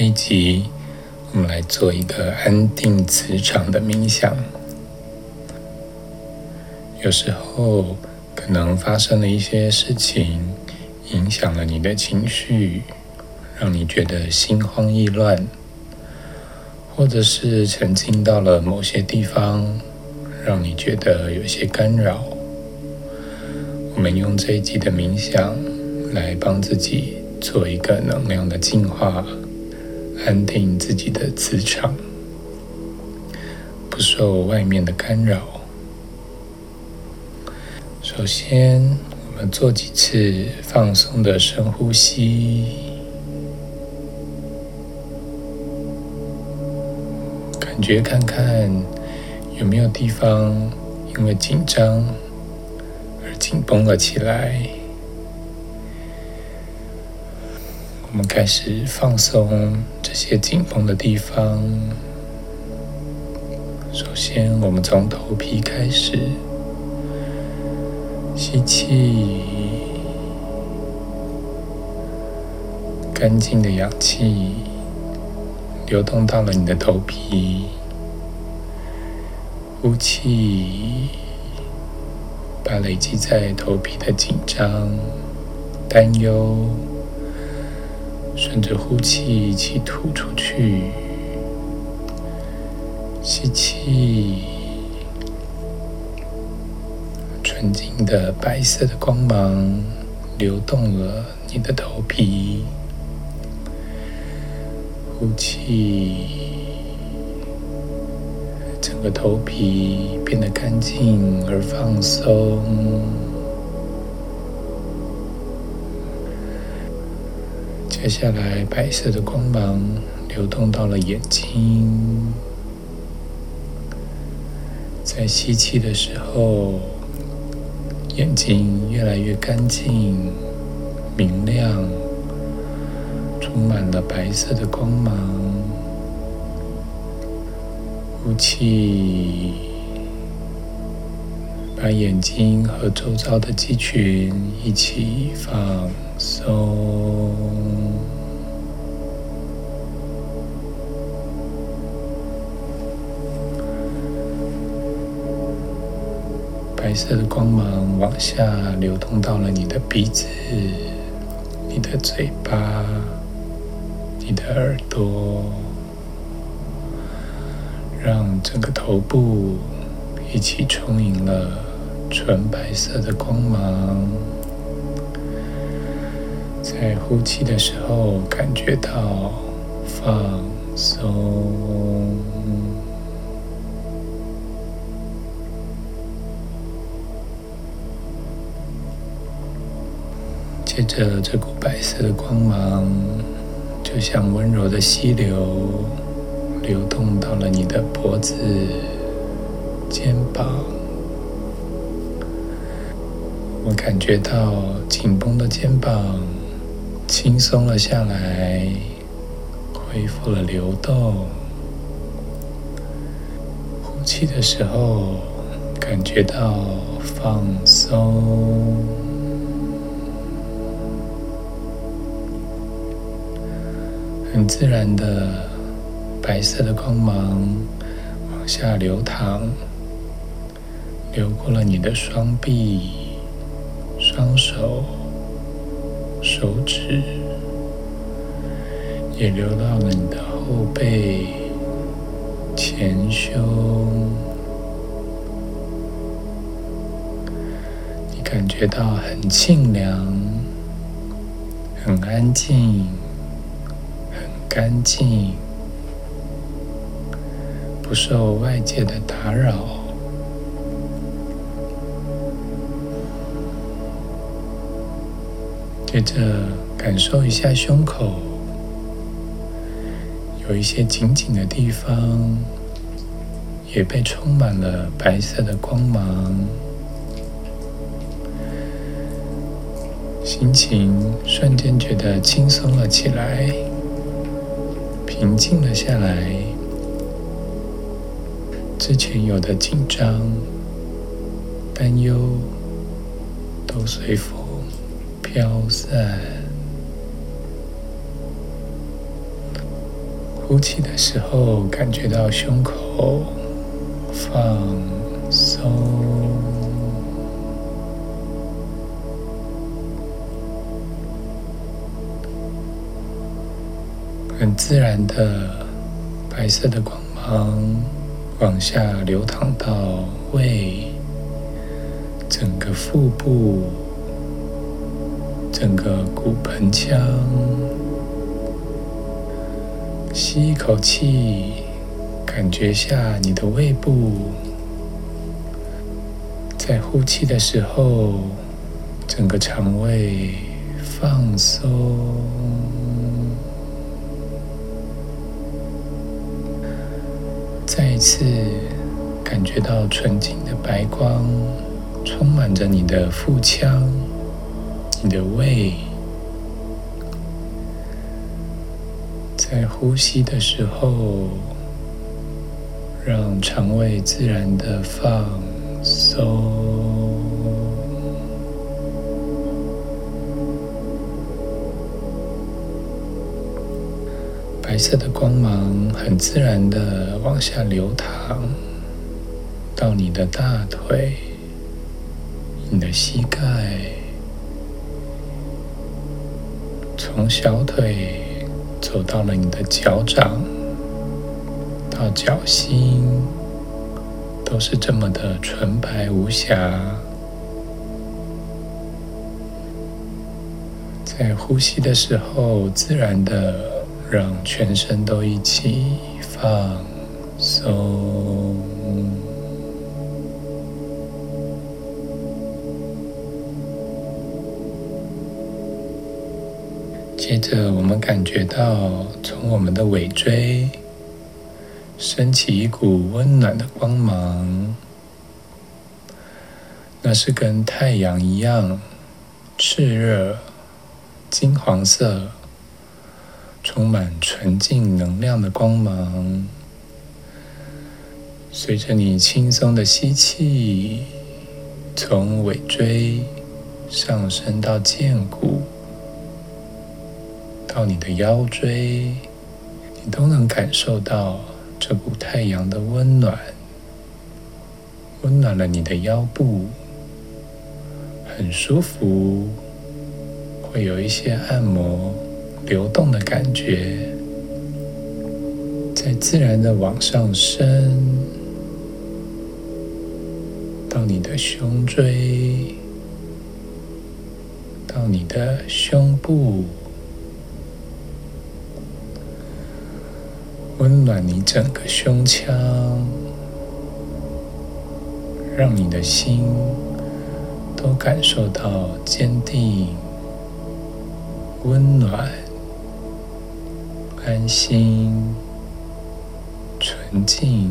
這一集，我們來做一個安定磁場的冥想。有時候可能發生了一些事情，影響了你的情緒，讓你覺得心慌意亂，或者是沉浸到了某些地方，讓你覺得有些干擾。我們用這一集的冥想來幫自己做一個能量的淨化。安定自己的磁場，不受外面的干擾。首先，我們做幾次放鬆的深呼吸。感覺看看有沒有地方因為緊張而緊繃了起來。我們開始放鬆這些緊繃的地方。首先，我們從頭皮開始，吸氣，乾淨的氧氣流動到了你的頭皮，呼氣，把累積在頭皮的緊張、擔憂。順着呼氣，氣吐出去，吸氣，純淨的白色的光芒流動了你的頭皮，呼氣，整個頭皮變得乾淨而放鬆。接下來，白色的光芒流動到了眼睛，在吸氣的時候，眼睛越來越乾淨、明亮，充滿了白色的光芒。呼氣，把眼睛和周遭的肌群一起放鬆。白色的光芒往下流動，到了你的鼻子、你的嘴巴、你的耳朵，讓整個頭部一起充盈了純白色的光芒。在呼氣的時候，感覺到放鬆。接着，這股白色的光芒就像溫柔的溪流，流動到了你的脖子、肩膀。我感覺到緊繃的肩膀輕鬆了下來，恢復了流動。呼氣的時候，感覺到放鬆。很自然的白色的光芒往下流淌，流過了你的雙臂、雙手、手指，也流到了你的後背、前胸。你感覺到很清涼，很安靜。乾淨，不受外界的打擾。接着，感受一下胸口，有一些緊緊的地方，也被充滿了白色的光芒。心情瞬間覺得輕鬆了起來。平靜了下來，之前有的緊張、擔憂都隨風飄散。呼氣的時候，感覺到胸口放鬆。很自然的，白色的光芒往下流淌到胃，整個腹部，整個骨盆腔。吸一口氣，感覺下你的胃部，在呼氣的時候，整個腸胃放鬆。再一次感覺到純淨的白光充滿着你的腹腔，你的胃，在呼吸的時候，讓腸胃自然的放鬆。白色的光芒很自然的往下流淌，到你的大腿、你的膝蓋，從小腿走到了你的腳掌，到腳心，都是這麼的純白無瑕。在呼吸的時候，自然的。讓全身都一起放鬆。接着，我們感覺到從我們的尾椎升起一股溫暖的光芒，那是跟太陽一樣熾熱、金黃色。充滿純淨能量的光芒，隨着你輕鬆的吸氣，從尾椎上升到薦骨，到你的腰椎，你都能感受到這股太陽的溫暖，溫暖了你的腰部，很舒服，會有一些按摩。流動的感覺，在自然的往上升，到你的胸椎，到你的胸部，溫暖你整個胸腔，讓你的心都感受到堅定、溫暖。安心，純淨，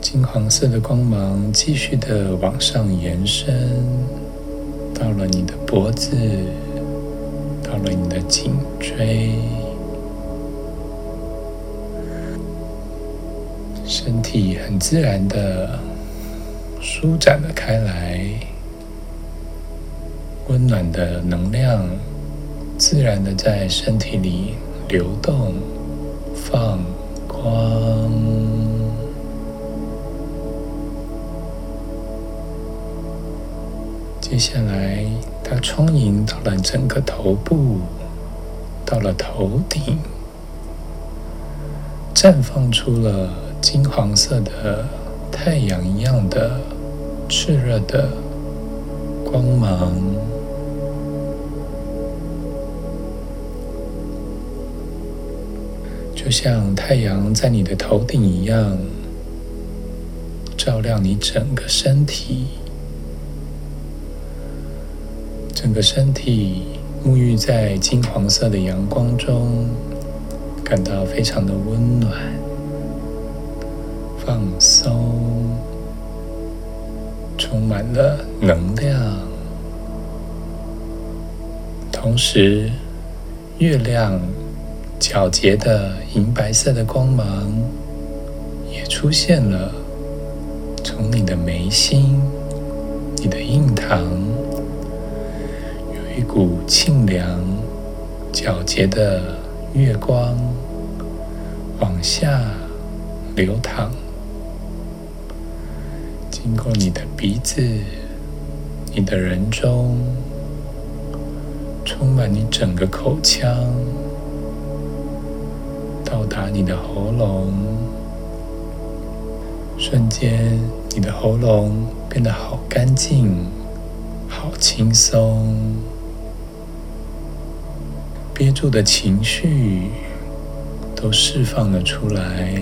金黃色的光芒繼續的往上延伸，到了你的脖子，到了你的頸椎，身體很自然的舒展了開來，溫暖的能量。自然的在身體裡流動，放光。接下來，它充盈到了整個頭部，到了頭頂，綻放出了金黃色的太陽一樣的熾熱的光芒。就像太陽在你的頭頂一樣，照亮你整個身體，整個身體沐浴在金黃色的陽光中，感到非常的溫暖，放鬆，充滿了能量，同時月亮。皎潔的銀白色的光芒也出現了，從你的眉心、你的印堂，有一股清涼、皎潔的月光往下流淌，經過你的鼻子、你的人中，充滿你整個口腔。到達你的喉嚨，瞬間，你的喉嚨變得好乾淨、好輕鬆，憋住的情緒都釋放了出來，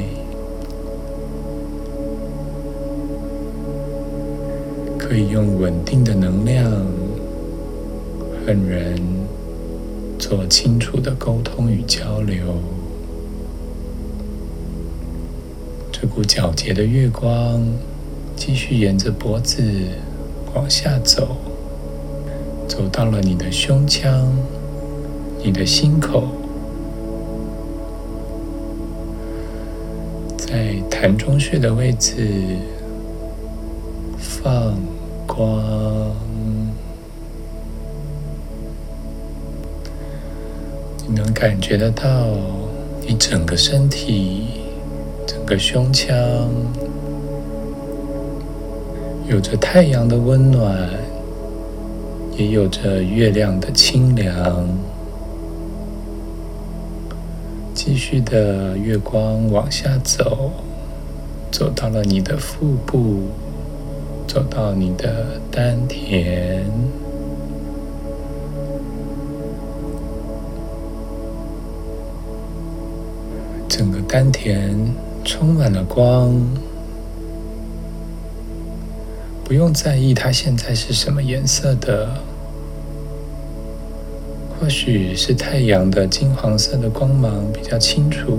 可以用穩定的能量和人做清楚的溝通與交流。這股皎潔的月光繼續沿着脖子往下走，走到了你的胸腔，你的心口，在膻中穴的位置放光。你能感覺得到，你整個身體。個胸腔有着太陽的溫暖，也有着月亮的清涼。繼續的月光往下走，走到了你的腹部，走到你的丹田，整個丹田。充滿了光，不用在意它現在是什麼顏色的。或許是太陽的金黃色的光芒比較清楚，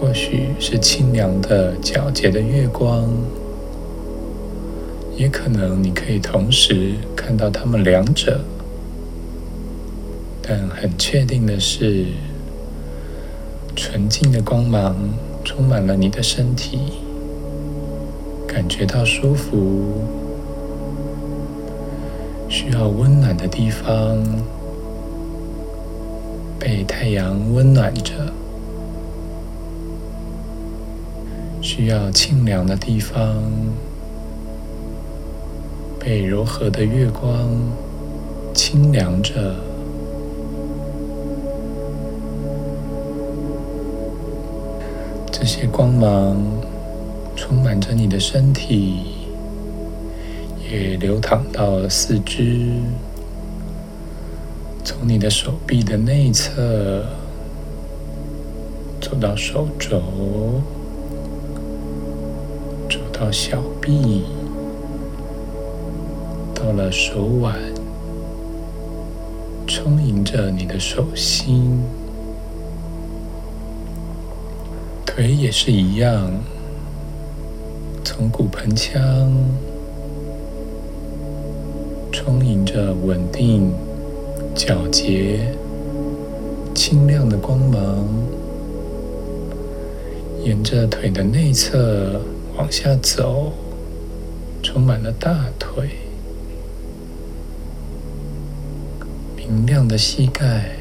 或許是清涼的皎潔的月光，也可能你可以同時看到它們兩者。但很確定的是。純淨的光芒充滿了你的身體，感覺到舒服。需要溫暖的地方，被太陽溫暖着；需要清涼的地方，被柔和的月光清涼着。這些光芒充滿着你的身體，也流淌到了四肢，從你的手臂的內側走到手肘，走到小臂，到了手腕，充盈着你的手心。腿也是一樣，從骨盆腔充盈着穩定、皎潔、清亮的光芒，沿着腿的內側往下走，充滿了大腿，明亮的膝蓋。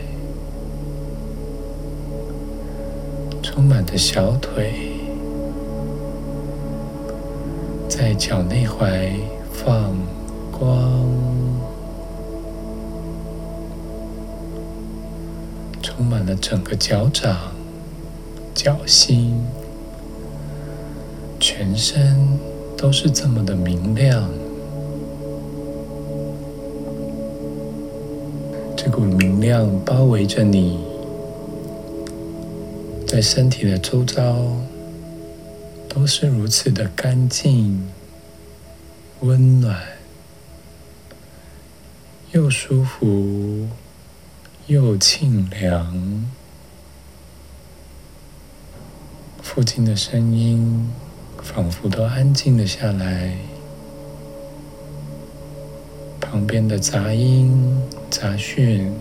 充滿的小腿，在腳內踝放光，充滿了整個腳掌、腳心，全身都是這麼的明亮。這股明亮包圍着你。在身體的周遭，都是如此的乾淨、溫暖，又舒服，又清涼。附近的聲音仿佛都安靜了下來，旁邊的雜音、雜訊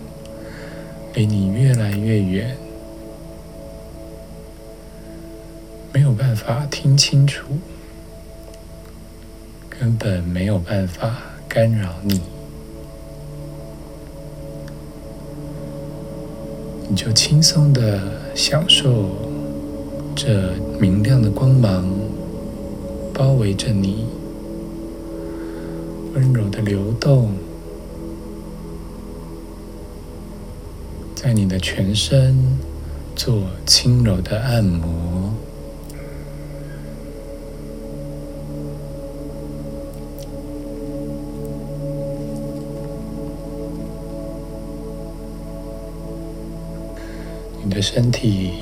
離你越來越遠。沒辦法聽清楚，根本沒有辦法干擾你，你就輕鬆的享受這明亮的光芒包圍着你，溫柔的流動在你的全身，做輕柔的按摩。你的身體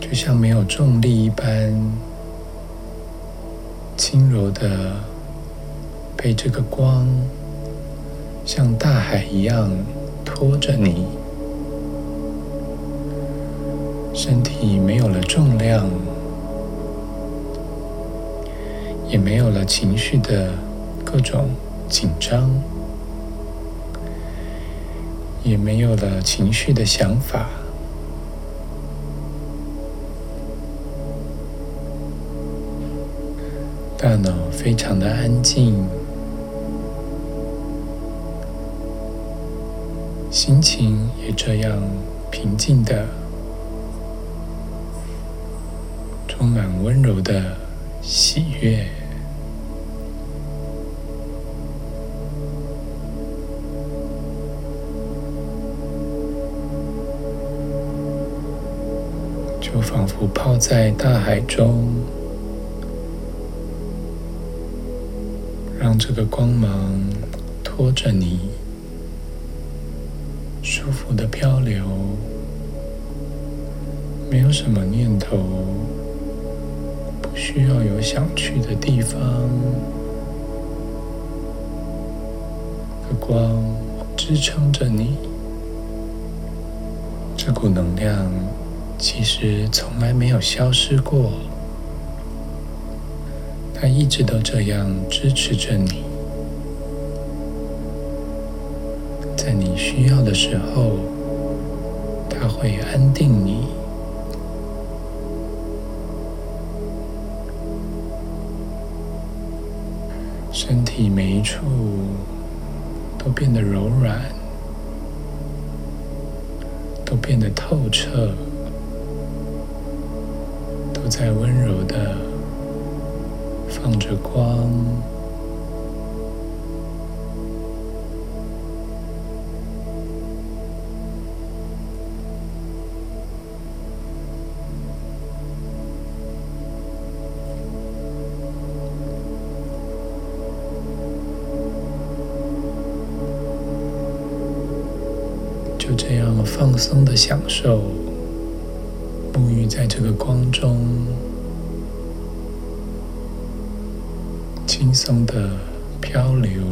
就像沒有重力一般，輕柔的被這個光像大海一樣托着你。身體沒有了重量，也沒有了情緒的各種緊張，也沒有了情緒的想法。大腦非常的安靜，心情也這樣平靜的，充滿溫柔的喜悅，就仿佛泡在大海中。這個光芒托著你，舒服的漂流，沒有什麼念頭，不需要有想去的地方。這光支撐着你，這股能量其實從來沒有消失過。他一直都這樣支持着你，在你需要的時候，他會安定你。身體每一處都變得柔軟，都變得透徹，都在溫柔的。放着光，就這樣放鬆的享受，沐浴在這個光中。輕鬆的漂流。